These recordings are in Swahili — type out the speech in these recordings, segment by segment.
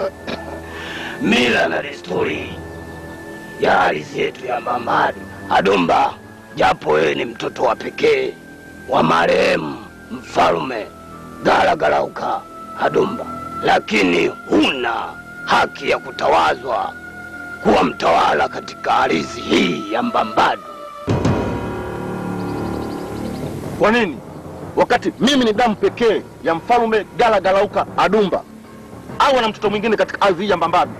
mila na desturi ya ardhi yetu ya Mbambadu Adumba, japo wewe ni mtoto wa pekee wa marehemu mfalme Galagalauka Adumba, lakini huna haki ya kutawazwa kuwa mtawala katika ardhi hii ya Mbambadu. Kwa nini? Wakati mimi ni damu pekee ya mfalme Galagalauka Adumba au ana mtoto mwingine katika ardhi hii ya Mbambadu?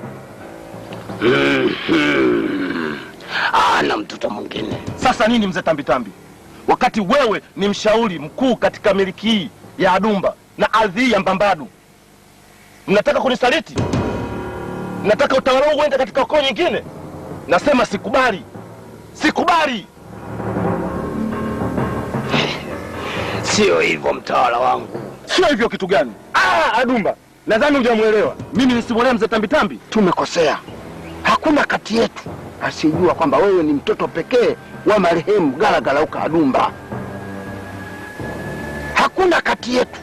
Ana mtoto mwingine. Sasa nini mzee Tambitambi, wakati wewe ni mshauri mkuu katika miliki hii ya Adumba na ardhi hii ya Mbambadu, mnataka kunisaliti? Mnataka utawala huu uende katika ukoo nyingine? Nasema sikubali, sikubali. Sio hivyo mtawala wangu. Sio hivyo kitu gani? Ah, Adumba Nadhani hujamuelewa. Mimi nisimwelewa mzee Tambitambi? Tumekosea. Hakuna kati yetu asijua kwamba wewe ni mtoto pekee wa marehemu Galagala Ukaadumba. Hakuna kati yetu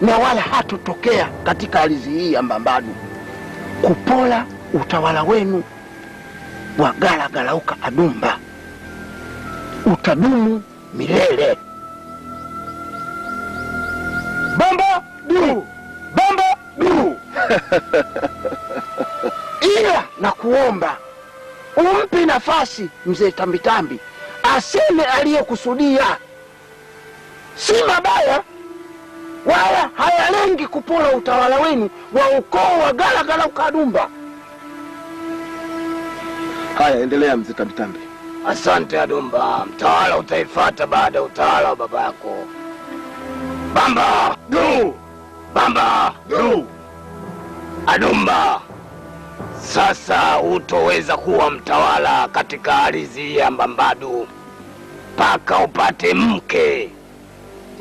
na wala hatotokea katika ardhi hii ya Mbambadu kupola utawala wenu wa Galagala Ukaadumba utadumu milele. ila na kuomba umpe nafasi mzee Tambitambi aseme aliyokusudia, si mabaya wala hayalengi kupola utawala wenu wa ukoo wa Galagala Ukadumba. Haya, endelea mzee Tambitambi. Asante Adumba, mtawala utaifata baada ya utawala wa baba yako. Bamba du, bamba du. Anumba, sasa hutoweza kuwa mtawala katika ardhi ya Mbambadu mpaka upate mke,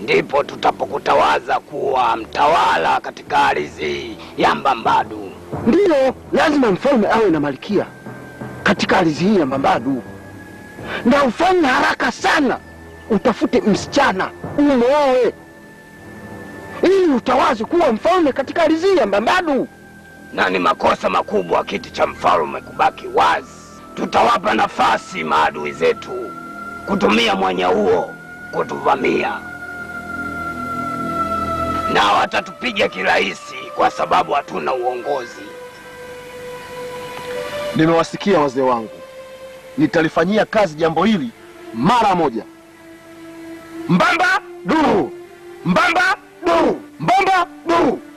ndipo tutapokutawaza kuwa mtawala katika ardhi ya Mbambadu. Ndiyo, lazima mfalme awe na malkia katika ardhi hii ya Mbambadu, na ufanye haraka sana, utafute msichana umoe ili utawazi kuwa mfalme katika ardhi ya Mbambadu na ni makosa makubwa kiti cha mfalme kubaki wazi. Tutawapa nafasi maadui zetu kutumia mwanya huo kutuvamia, na watatupiga kirahisi kwa sababu hatuna uongozi. Nimewasikia wazee wangu, nitalifanyia kazi jambo hili mara moja. Mbamba duru, mbamba duru, mbamba duru.